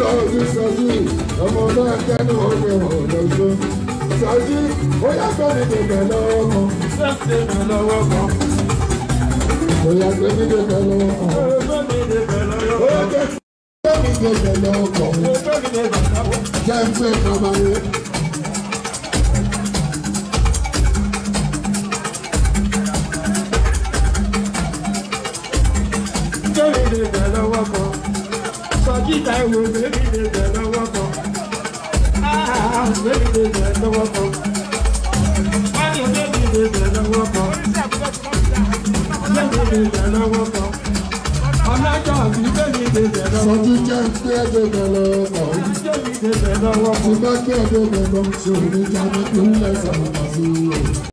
sọ́jú sọ́jú ọmọ náà kẹ́nu ọmọ ọ̀dọ́gbọ́n. sọ́jú ó yá gbé mi dèbè lọ́wọ́ kan. sọ́jú mi lọ́wọ́ kan. ó yá gbé mi dèbè lọ́wọ́ kan. ó yá gbé mi dèbè lọ́wọ́ kan. ó yá gbé mi dèbè lọ́wọ́ kan. jẹ́ ń pè kàmá yé. Jẹ́ mi dèbè lọ́wọ́ kan kíta ìwò bèbí lè bẹ̀ lọ́wọ́ kan. Bèbí lè bẹ̀ lọ́wọ́ kan. Báyọ̀ bèbí lè bẹ̀ lọ́wọ́ kan. Bèbí lè bẹ̀ lọ́wọ́ kan. Ọlọ́jọ́ àti bèbí lè bẹ̀ lọ́wọ́ kan. Sọ́jú jẹ́ pé ẹ̀jẹ̀ bẹ̀ lọ́wọ́ kan. Bèbí lè bẹ̀ lọ́wọ́ kan. Ṣé bá kí ẹ̀jẹ̀ bẹ̀ lọ́wọ́